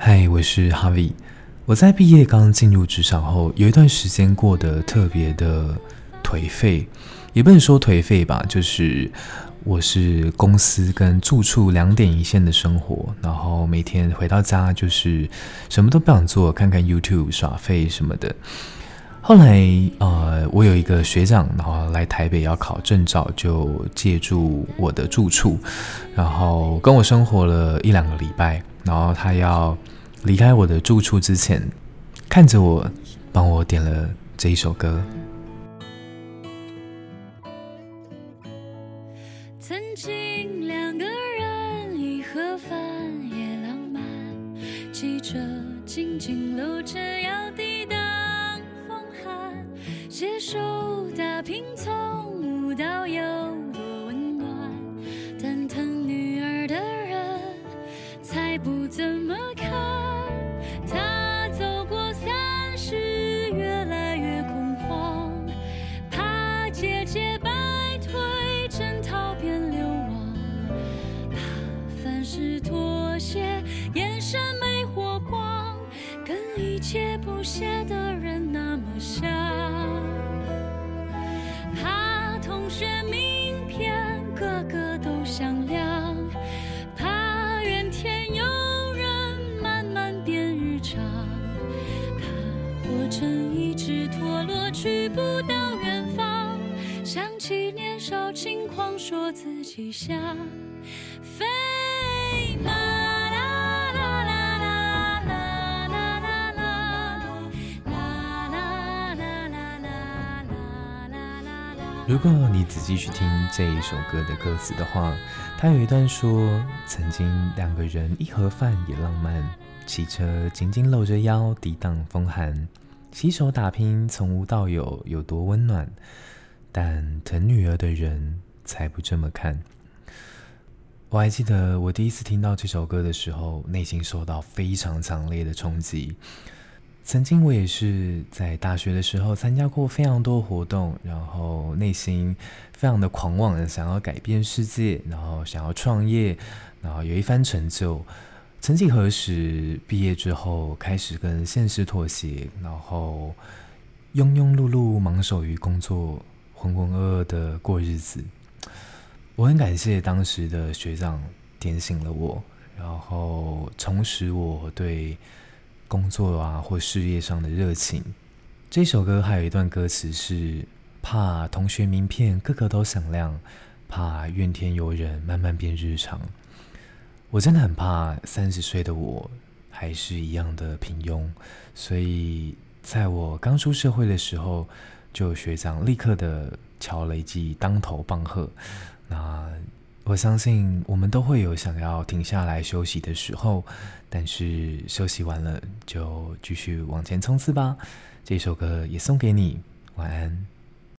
嗨，Hi, 我是 Harvie。我在畢業剛進入職場後，有一段時間過得特別的頹廢，也不能說頹廢吧，就是我是公司跟住處兩點一線的生活，然後每天回到家就是什麼都不想做，看看 YouTube 耍廢什麼的。後來呃，我有一個學長，然後來台北要考證照，就借住我的住處，然後跟我生活了一兩個禮拜。然後他要離開我的住處之前，看着我，幫我點了這一首歌。曾經兩個人，一盒飯也浪漫，騎着，緊緊摟着，要抵擋風寒，攜手打拼從，從無到有。寫的人那麼像，怕同學名片，個個都響亮，怕怨天尤人慢慢變日常，怕活成一隻陀螺去不到遠方。想起年少輕狂，說自己想飛。如果你仔細去聽這一首歌的歌詞的話，它有一段說：“曾經兩個人一盒飯也浪漫，騎車緊緊摟着腰抵擋風寒，攜手打拼從無到有有多溫暖。”但疼女兒的人才不這麼看。我還記得我第一次聽到這首歌的時候，內心受到非常強烈的衝擊。曾經我也是在大學的時候參加過非常多活動，然後內心非常的狂妄，想要改變世界，然後想要創業，然後有一番成就。曾幾何時，畢業之後開始跟現實妥協，然後庸庸碌碌忙手於工作，渾渾噩噩的過日子。我很感謝當時的學長點醒了我，然後重拾我對。工作啊，或事業上的熱情。這首歌還有一段歌詞是：怕同學名片個個都響亮，怕怨天尤人慢慢變日常。我真的很怕三十歲的我還是一樣的平庸，所以在我剛出社會的時候，就有學長立刻的敲了一記當頭棒喝。那我相信我們都會有想要停下來休息的時候，但是休息完了就繼續往前衝刺吧。這首歌也送給你，晚安。